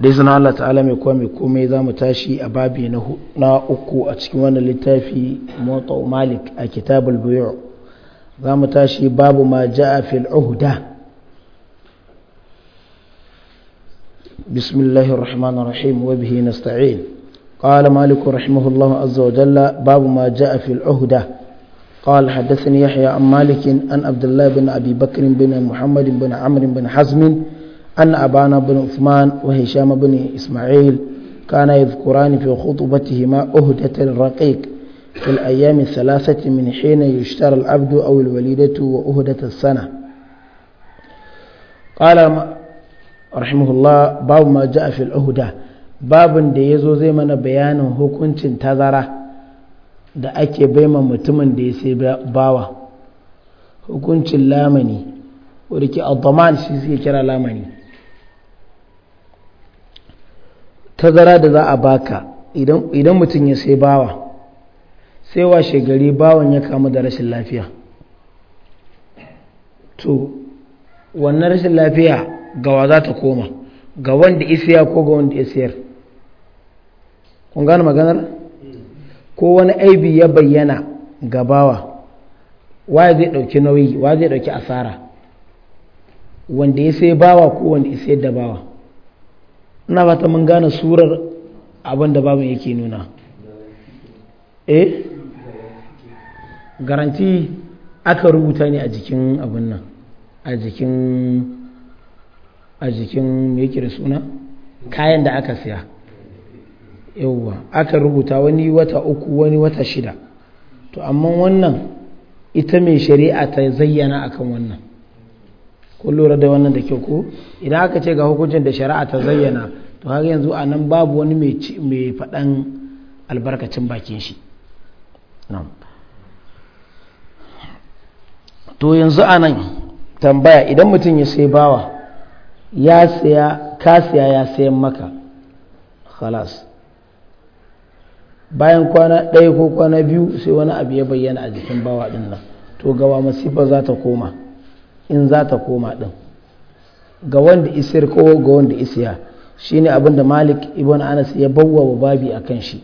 da Allah ta'ala mai kuwa mai komai za mu tashi a babi na uku a cikin wannan littafi mota malik a kitabul biyu za mu tashi babu ma ja'a fil uhda بسم الله الرحمن الرحيم وبه نستعين قال مالك رحمه الله عز وجل باب ما جاء في العهدة قال حدثني يحيى عن مالك عن عبد الله بن أبي بكر بن محمد بن عمرو بن حزم أن أبانا بن عثمان وهشام بن إسماعيل كان يذكران في خطبتهما أهدة الرقيق في الأيام الثلاثة من حين يشترى العبد أو الوليدة وأهدة السنة قال رحمه الله باب ما جاء في الأهدة باب دي ya zo zai mana bayanin hukuncin tazara da ake baima mutumin da ya sai bawa hukuncin lamani wadda ke al shi suke kira lamani tazara da za a baka idan mutum ya sai bawa sai washe gari bawan ya kama da rashin lafiya to wannan rashin lafiya gawa za ta koma ga wanda isiya ko ga wanda isiyar kun gane maganar ko wani aibi ya bayyana ga bawa wa zai ɗauki nauyi wa zai ɗauki asara wanda ya sai bawa ko wanda isiyar da bawa ina ba ta mun gane surar abin da babu yake nuna eh garanti aka rubuta ne a jikin abin nan a jikin a jikin yake da suna kayan da aka siya yauwa aka rubuta wani wata uku wani wata shida to amma wannan ita mai shari'a ta zayyana akan wannan kun da wannan da kyau ko idan aka ce ga hukuncin da shari'a ta zayyana to har yanzu a nan babu wani mai faɗan albarkacin bakin shi to yanzu a nan tambaya idan mutum ya sai bawa ya saya ka ya sayan maka halas bayan kwana ɗaya ko kwana biyu sai wani abu ya bayyana a jikin bawa ɗin nan to gawa masifa za ta koma in za ta koma ɗin ga wanda isir ko ga wanda isiya shine ne abinda malik ibn anas ya bawa wa babi a kan shi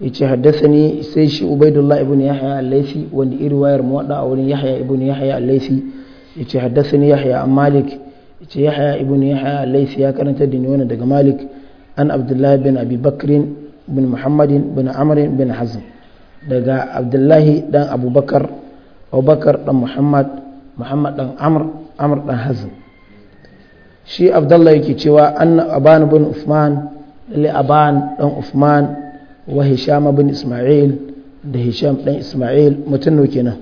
ya ce ne sai shi ubaidullah ibn yahya al-laifi wanda iri wayar muwadda a wurin yahya ibn yahya al-laifi ya ce haddasani yahya an malik ya ce yahya ibn yahya al-laifi ya karanta da wani daga malik an abdullah bin abi bakrin bin muhammadin bin amrin bin hazin daga abdullahi dan abubakar abubakar dan muhammad muhammad dan amr amr dan hazm shi abdullah yake cewa anna aban bin usman lalle aban dan usman wa hisham bin isma'il da hisham dan isma'il mutum ne kenan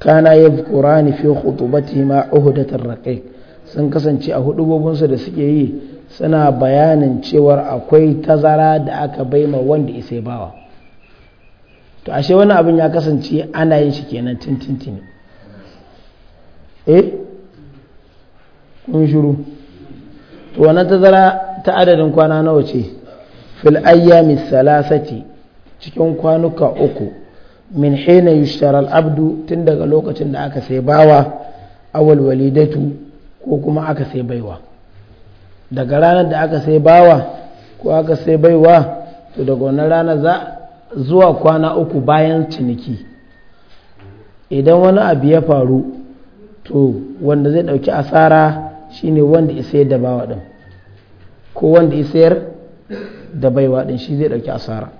kana yadhkurani fi uhdat ar raqiq sun kasance a su da suke yi suna bayanin cewar akwai tazara da aka baima wanda isai bawa to ashe wani abin ya kasance ana yin shi kenan tintintini eh kun shuru to wannan tazara ta adadin kwana nawa ce fil ayyami salasati cikin kwanuka uku min hina yushtara abdu tun daga lokacin da aka sai bawa awal walidatu ko kuma aka sai baiwa daga ranar da aka sai bawa ko aka sai baiwa to daga wannan rana za zuwa kwana uku bayan ciniki idan wani abu ya faru to wanda zai ɗauki asara shine wanda sayar da bawa ɗin ko wanda sayar da baiwa ɗin shi zai ɗauki asara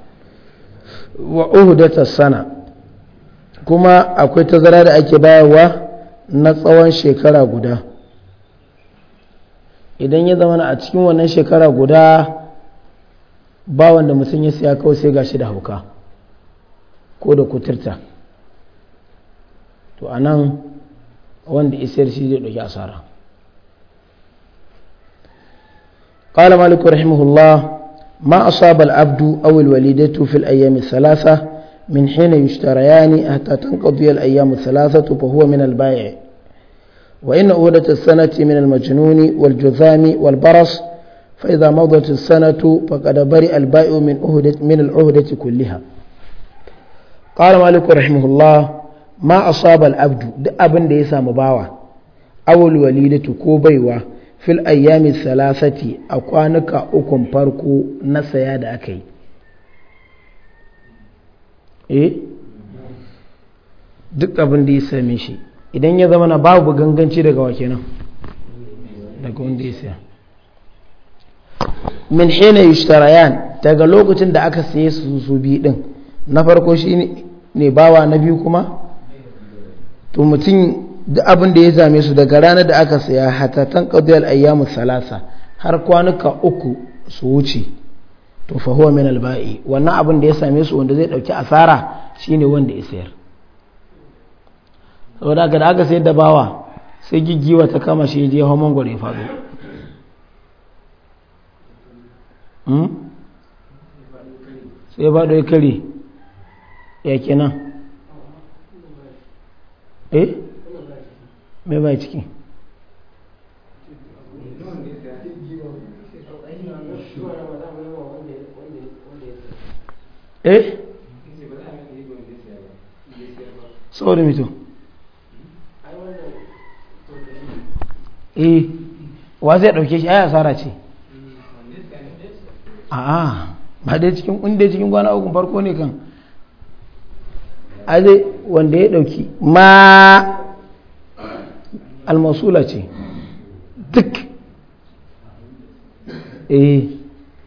wa uhudata sana kuma akwai tazara da ake bayarwa na tsawon shekara guda idan ya zama a cikin wannan shekara guda ba wanda mutum ya siya kawai sai gashi da hauka ko da kuturta to anan nan wanda isar shi zai ɗauki asara قال مالك رحمه الله ما أصاب العبد أو الوليدة في الأيام الثلاثة من حين يشتريان حتى تنقضي الأيام الثلاثة فهو من البائع وإن أولت السنة من المجنون والجذام والبرص فإذا مضت السنة فقد برئ البائع من, أهدة من العهدة كلها قال مالك رحمه الله ma asabal abdu duk abin da ya samu bawa awul walidatu ko baiwa fil ayyami salasati a kwanuka ukun farko na saya da aka yi eh duk abin da ya same shi idan ya zama na babu ganganci daga wa kenan daga wanda ya saya min hina yushtarayan daga lokacin da aka saye su su bi din na farko shi ne bawa na biyu kuma to mutum da abin da ya zame su daga ranar da aka saya hatatan qadiyal ayyamu salasa har kwanuka uku su wuce to fa huwa min alba'i wannan abin da ya same su wanda zai ɗauki asara shine wanda ya sayar saboda haka da aka sayar da bawa sai giggiwa ta kama shi ya je homon mangwaro ya faɗo hmm? sai ya faɗo ya kare ya kenan eh me bai ciki eh saboda mito eh wa zai dauke shi aya asara ce a ba dai cikin inda cikin gwana uku farko ne kan ai wanda ya ɗauki ma almasula ce duk eh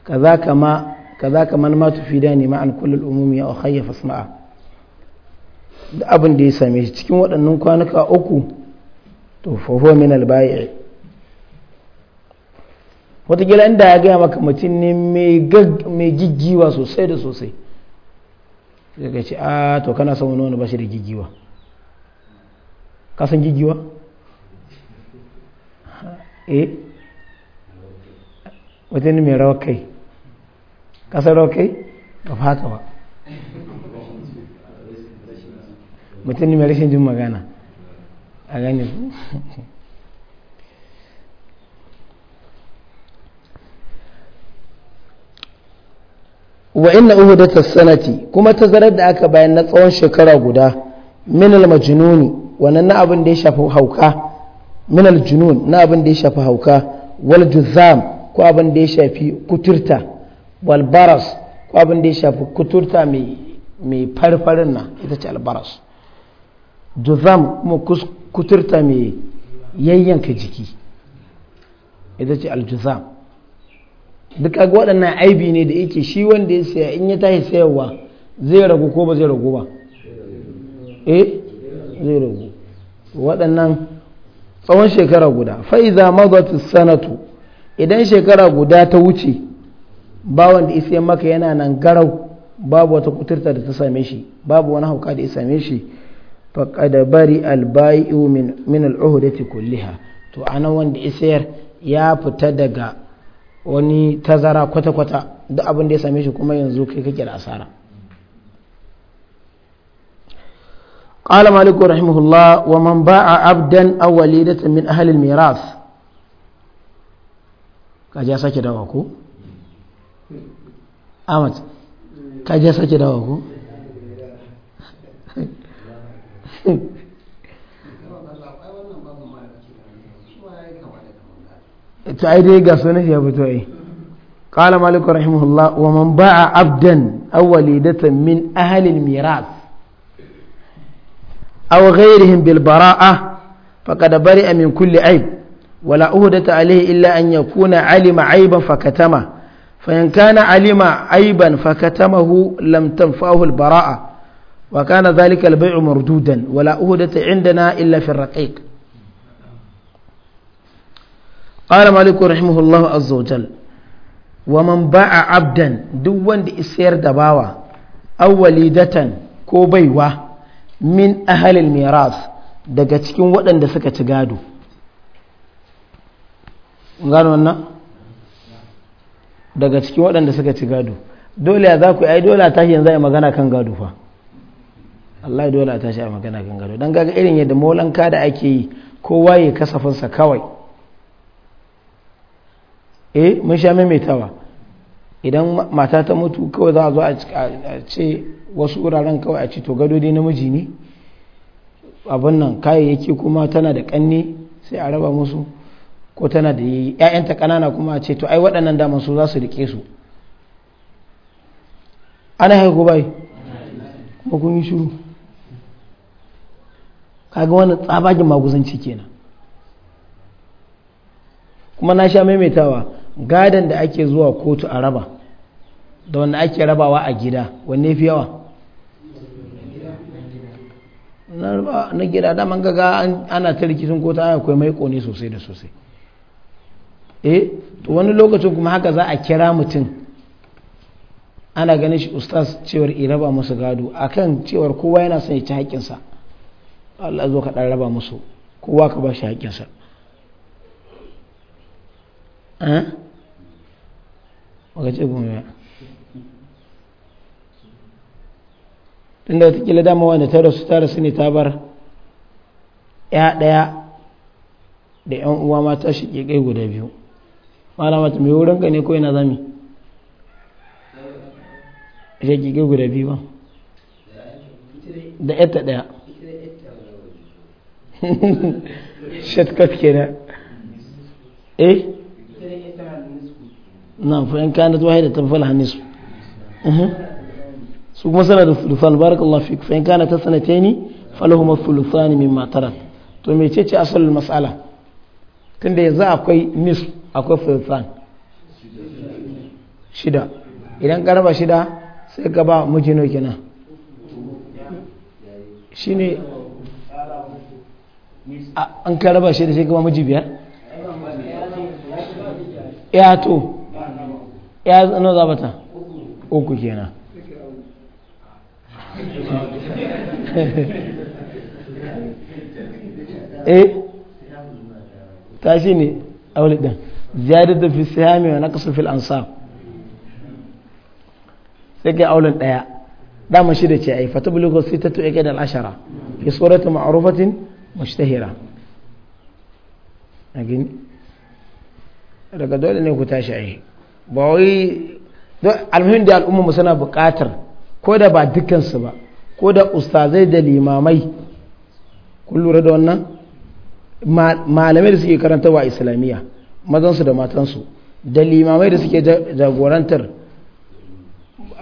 kaza kama kaza kaman ma tufida ne ma'an kullul umumi ya khayya fasma'a da abin da ya same shi cikin waɗannan kwanuka uku to fa min albayi baii wataƙila inda ya gaya maka mutum ne mai giggiwa sosai da sosai sai ce a to kana son wani wani ba shi da gigiwa kasan gigiwa eh wajen mai rawa kai kasan rawa kai ba fata ba mutum ne mai rashin jin magana a gane wa inna uhudata sanati kuma tazarar da aka bayan na tsawon shekara guda min al majnuni wannan na abin da ya shafi hauka min al junun na abin da ya shafi hauka wal juzam ko abin da ya shafi kuturta wal baras ko abin da ya shafi kuturta mai mai farfarin nan ita ce al baras juzam kuma kuturta mai yayyanka jiki ita ce al juzam duk a waɗannan aibi ne da yake shi wanda ya saya in ya tashi sayarwa zai ragu ko ba zai ragu ba eh zai ragu waɗannan tsawon shekara guda fa'iza mazatu sanatu idan shekara guda ta wuce ba wanda isa maka yana nan garau babu wata kuturta da ta same shi babu wani hauka da ya same shi faqad bari min baiu min al-uhdati kulliha to anan wanda isayar ya fita daga wani tazara kwata-kwata da abin da ya same shi kuma yanzu kai kake da asara ƙala maliku rahimahullah wa man ba a abdan awali da tsammin ahalil miras ka ja sake dawa ku? ka ja sake dawa ita ai dai ga sunan shi ya fito ai eh. qala malik rahimahullah wa man ba'a abdan aw walidatan min ahli al-miras aw ghayrihim bil bara'a faqad bari'a min kulli aib wala uhdata alayhi illa an yakuna alima aiban fakatama فإن كان علم عيبا فكتمه لم تنفعه البراءة وكان ذلك البيع مردودا ولا أهدت عندنا إلا في الرقيق قال مالك رحمه الله عز وجل wa باع ba'a abdan duk wanda isayar da bawa كو بيوا ko baiwa min ahalil daga cikin waɗanda suka ci gado gano wannan daga cikin waɗanda suka ci gado dole ya za ku yi dole a tashi yanzu a magana kan gado fa Allah ya dole a tashi a magana kan gado don gaga irin yadda molanka da ake yi kowa ya kasafinsa kawai eh mun sha maimaitawa idan mata ta mutu kawai za a zo a ce wasu wuraren kawai a ce to gado dai namiji ne abin nan kayayyaki kuma tana da kanne sai a raba musu ko tana da ‘ya'yanta ƙanana kuma a ce to ai waɗannan daman su za su rike su ana haiku bai kuma kun yi shuru kaga wani tsabagin maguzanci kenan kuma na sha maimaitawa gadon da ake zuwa kotu a raba da wanda ake rabawa a gida wanne fi yawa na gida da man gaga ana ta rikicin kotu a akwai mai kone sosai da sosai eh to wani lokacin kuma haka za a kira mutum ana ganin shi ustaz cewar i raba musu gado akan cewar kowa yana son ya ci haƙƙinsa Allah zo ka ɗan raba musu kowa ka ba shi haƙƙinsa eh? baka ce gumi ba tunda watakila dama wanda ta rasu ta rasu ne ta bar ya ɗaya da yan uwa mata shi ke kai guda biyu malama ta mai wurin ne ko yana zami ya ke kai guda biyu ba da yata ɗaya shortcut kenan eh na fa'in kanat wahida tanfal hanis kuma sana da sulusan barakallahu fik fa'in kana ta sanataini falahuma sulusani to me ce ce asalin mas'ala tunda yanzu akwai nis akwai sulusan shida idan ka raba shida sai ka ba mijino kenan shine an ka shida sai ka ba miji biyar ya ya nawa za bata uku kenan eh shi ne a wani aulid din ziyadatu fi sihami wa naqsu fil ansab sai kai aulin daya dama shida ce ai fa tablugu ta aqid al ashara fi surati ma'rufatin mushtahira agin daga dole ne ku tashi yi. ba wai don almuhim da al'umma mu suna buƙatar ko da ba dukansu ba ko da ustazai da limamai kun lura da wannan malamai da suke karantarwa islamiyya mazansu da matansu da limamai da suke jagorantar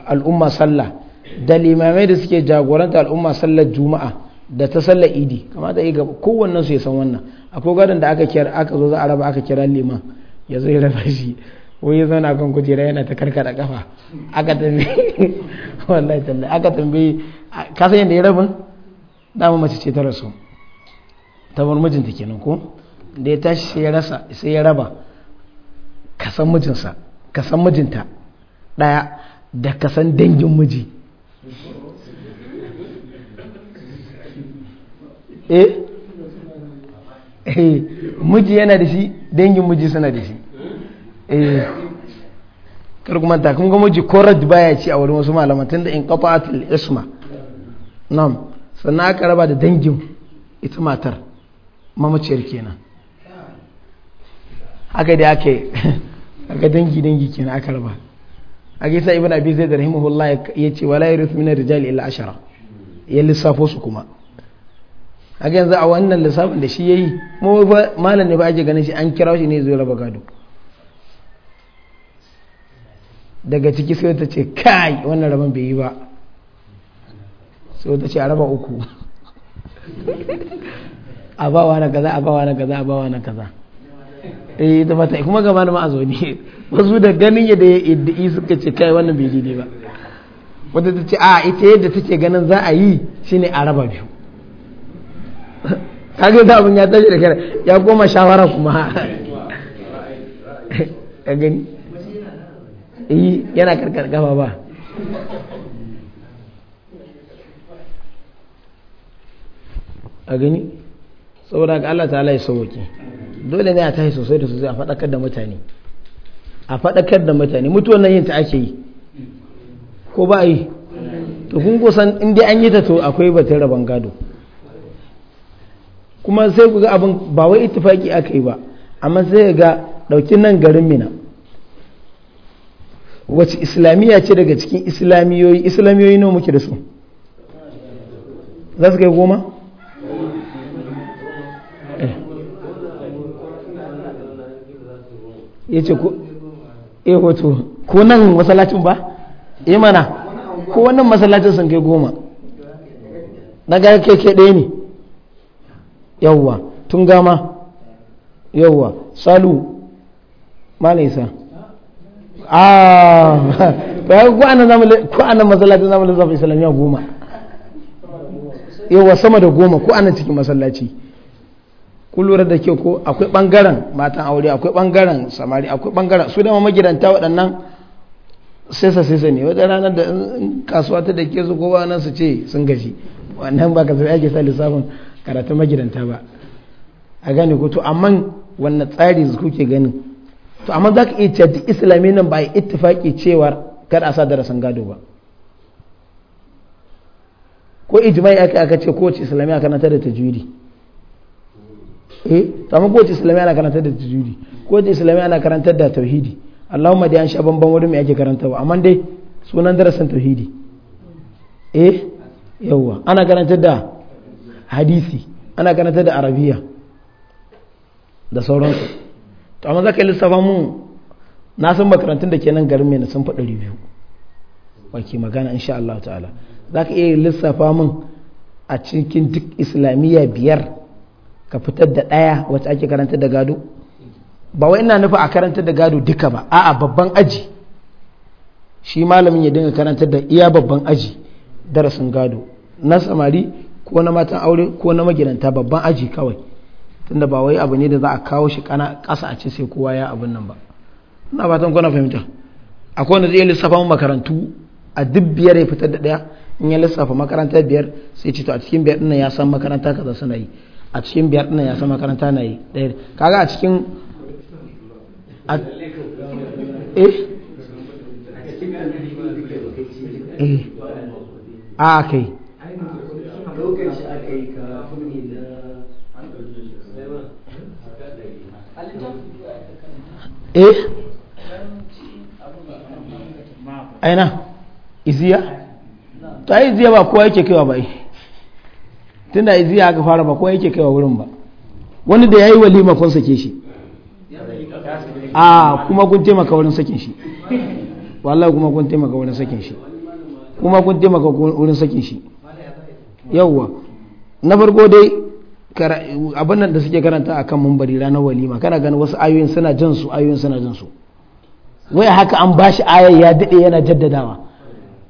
al'umma sallah da limamai da suke jagorantar al'umma sallar juma'a da ta sallar idi kamata da gaba kowannen su ya san wannan akwai gadon da aka kira aka zo za a raba aka kira liman ya raba shi wai ya zauna kan kujera yana ta karkada kafa aka tambayi wallahi tallahi aka ka san yadda ya rabu dama mace ce ta rasu ta bar mijinta kenan ko da ya tashi sai ya rasa sai ya raba ka san mijinsa ka san mijinta daya da ka san dangin miji eh? eh miji yana da shi dangin miji suna da shi karkumanta eh. kar kuma ta kun kuma jikorat baya ci a wurin wasu malaman tunda in kafa qata'atul isma nam sannan aka raba da dangin ita matar mamaciyar kenan haka da aka aka dangi dangi kenan aka raba a gisa ibn abi zaid rahimahullah ya ce wala yurith min rijal illa ashara ya lissafo su kuma a yanzu a wannan lissafin da shi yayi mu malam ne ba ake ganin shi an kira shi ne zai raba gado daga ciki sai ta ce kai wannan rabon bai yi ba sai ta ce a raba uku a bawa na kaza a bawa na kaza a bawa na kaza eh ta fata kuma gaba na ma'azo ne wasu da ganin ya ya iddi suka ce kai wannan bai ne ba wata ta ce a ita yadda take ganin za a yi shine a raba biyu kaga da abin ya tashi da kare ya koma shawara kuma ka gani yi eh, yana karkar gaba ba a gani saboda ga Allah ta'ala ya sauke dole ne a tashi sosai da sosai a faɗakar da mutane a faɗakar da mutane mutuwan nan yin ta ake yi ko ba yi to kun kusan inda an yi ta to akwai batun rabon gado kuma sai ku ga abin ba wai ittifaki aka yi ba amma sai ga ɗauki nan garin mina wace islamiyya ce daga cikin islamiyoyi islamiyoyi nawa muke da su za su kai goma eh. ya ce ko eh wato ko nan masalacin ba ya eh, mana ko wannan masalacin sun kai goma na ga keke ɗaya ne yawwa tun gama yawwa salu malaisa a bayan ko anan zamu ko anan masallacin zamu lissafa islamiyya goma yawa sama da goma ko anan cikin masallaci kun lura da ke ko akwai bangaren matan aure akwai bangaren samari akwai bangaren su dama magidanta waɗannan sesa sesa ne wata ranar da kasuwa ta da ke su kowa nan su ce sun gaji wannan ba ka zai ake sa lissafin karatun magidanta ba a gane ko to amma wannan tsari kuke ganin to amma za ka iya cewa duk islami nan ba ittifaki cewar kar a sa darasin gado ba ko ijma'i aka aka ce kowace islami a kanata da tajwidi eh to amma kowace islami ana karanta da tajwidi kowace islami ana karanta da tauhidi Allahumma da an sha bamban wurin me ake karantawa amma dai sunan darasin tauhidi eh yawwa ana karanta da hadisi ana karanta da arabiya da sauransu to amma za ka yi lissafa mun na san makarantun da ke nan garin mai sun faɗa biyu wake magana insha Allah ta'ala za ka iya lissafa mun a cikin duk islamiyya biyar ka fitar da ɗaya wacce ake karanta da gado ba wai ina nufa a karanta da gado duka ba a'a babban aji shi malamin ya dinga karantar da iya babban aji darasin gado na samari ko na matan aure ko na magidanta babban aji kawai tunda ba wai abu ne da za a kawo shi kana ƙasa a ce sai kowa ya abin nan ba ina fatan kuna fahimta akwai wanda zai lissafa makarantu a duk biyar ya fitar da ɗaya in ya lissafa makaranta biyar sai ce to a cikin biyar ɗin ya san makaranta kaza suna yi a cikin biyar ɗin ya san makaranta na yi ɗaya kaga a cikin eh kai eh. a kai Eh? aina iziya ta yi iziya ba kowa yake kaiwa ba tunda iziya aka fara ba kowa yake kaiwa wurin ba wani da ya yi walima kun sake shi a kuma kun taimaka wurin sakin shi wallahi kuma kun taimaka wurin sakin shi kuma kun taimaka wurin sakin shi yawwa na farko dai abin nan da suke karanta a kan mumbari ranar walima kana gani wasu ayoyin suna jan su ayoyin suna jan su wai haka an ba shi ayar ya daɗe yana jaddadawa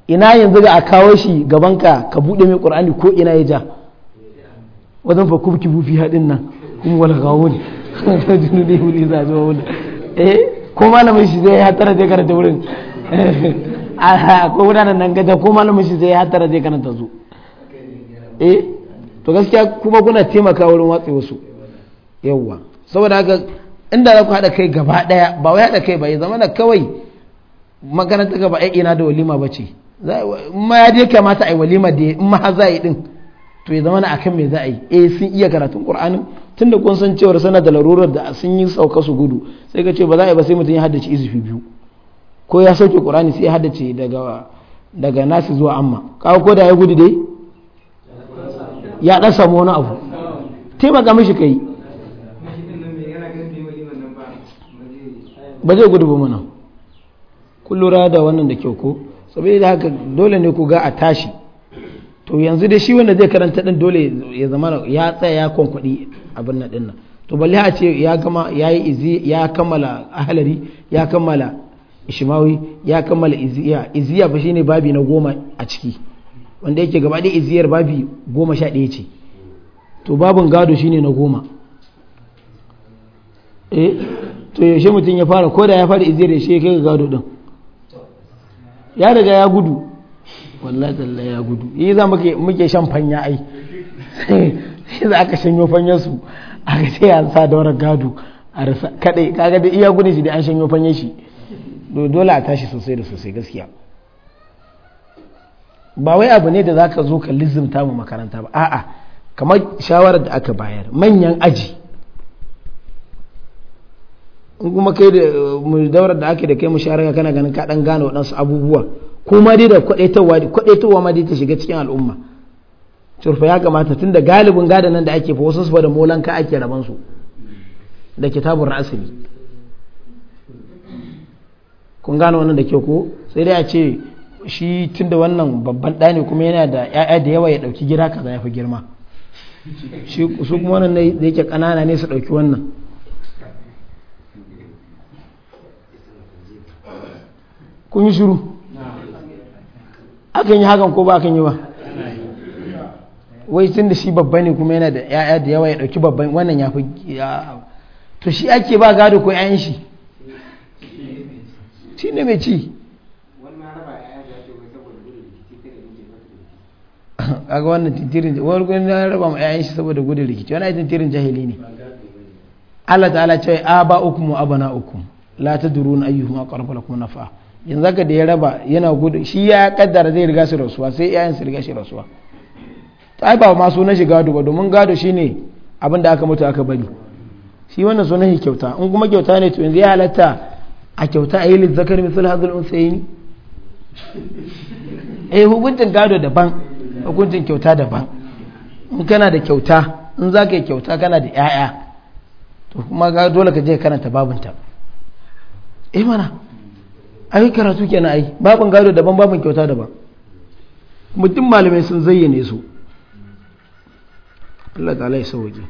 ina yanzu ga a kawo shi gabanka ka buɗe mai ƙur'ani ko ina ya ja wajen fa kubki bufi haɗin nan kuma wala gawo ne ta jini da wuli za zuwa wani eh ko malamin shi zai hatara zai karanta wurin ko wuraren nan gaja ko malamin shi zai zai karanta zu eh to gaskiya kuma kuna taimaka wurin watsa wasu yawwa saboda haka inda za ku haɗa kai gaba ɗaya ba wai haɗa kai ba ya zama da kawai makaranta gaba ɗaya ina da walima ba ce ma ya dai kamata a yi walima da in ma za a yi ɗin to ya zama na akan me za a yi eh sun iya karatun qur'anin tunda kun san cewar sana da larurar da sun yi sauka su gudu sai ka ce ba za a yi ba sai mutum ya haddace izufi biyu ko ya sauke ƙur'ani sai ya haddace daga daga nasi zuwa amma kawo ko da ya gudu dai ya ɗan samu wani abu taimaka mishi kai ba zai gudu ba mana kun lura da wannan da kyau ko saboda haka dole ne ku ga a tashi to yanzu da shi wanda zai karanta din dole ya zama ya tsaya ya kwankwaɗi abin nan to balle a ce ya gama ya yi izi ya kammala ahalari ya kammala ishimawi ya kammala iziya iziya shi shine babi na goma a ciki wanda yake gaba ɗaya iziyar babi goma sha ɗaya ce to babin gado shine na goma e to yaushe mutum ya fara ko da ya fara iziyar yaushe ya kai ga gado din ya daga ya gudu wallah talla ya gudu yi eh, za muke shan fanya ai shi za aka shanyo fanyar su aka ce an sa daura gado a rasa kaɗai kaga da iya gudun shi da an shanyo fanyar shi dole a tashi sosai da sosai gaskiya ba wai abu ne da za ka zo ka lizimta mu makaranta ba a'a kamar shawarar da aka bayar manyan aji in kuma kai da mu daurar da ake da kai mu musharaka kana ganin ka dan gane waɗansu abubuwa ko ma dai da ta kwadaitawa ma dai ta shiga cikin al'umma turfa ya kamata tun da galibin gada nan da ake fa wasu saboda molan ka ake raban su da kitabun asali kun gane wannan da ke ko sai dai a ce shi tunda wannan babban ɗa ne kuma yana da ya'ya da yawa ya ɗauki gida kaza ya fi girma su kuma wannan da yake ƙanana ne su ɗauki wannan kun yi shiru akan yi hakan ko ba akan yi ba wai tun da shi babba ne kuma yana da ya'ya da yawa ya ɗauki babban wannan ya fi to shi ake ba gado ko 'ya'yan shi shi ne mai ci kaga wannan tintirin wani gudun ya raba ma yayan shi saboda gudun rikici wani tintirin jahili ne Allah ta'ala ce a ba uku mu abana uku la ta duru na ayyuhu da kuma nafa yanzu haka da ya raba yana gudun shi ya kaddara zai riga su rasuwa sai yayan su riga shi rasuwa ta ai ba ma sunan shi gado ba domin gado shi ne abin da aka mutu aka bari shi wannan sunan shi kyauta in kuma kyauta ne to yanzu ya halatta a kyauta a yi lizzakar misali hazul unsayini eh hukuncin gado daban hukuncin kyauta daban in kana da kyauta in za ka yi kyauta kana da 'ya'ya to kuma ga dole ka je karanta babinta eh mana ai karatu kenan ai babin gado daban babin kyauta daban mutum malamai sun zayyane su Allah ta alai sauke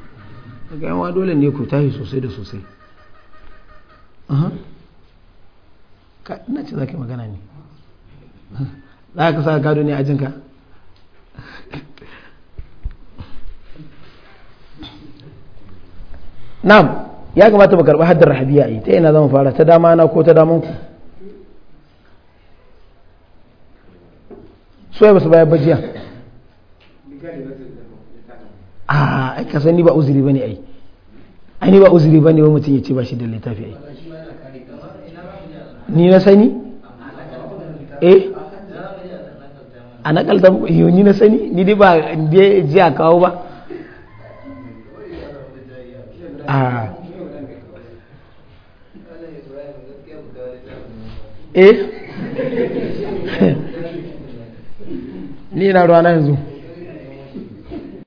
daga yawa dole ne ku tashi sosai da sosai ka ina ce za ka magana ne za ka sa gado ne a jinka na'am ya kamata mu karɓi haddar rahabiya yi ta ina zama fara ta dama na ko ta daman ku so ba basu bayan bajiya a ah, aika sani ba uzuri bane ai ai ni ba uzuri bane ba mutum ya ce ba shi da littafi ai ni na sani eh a nakalta eh, ni na sani ni dai ba ji a kawo ba eh ni na ruwa na yanzu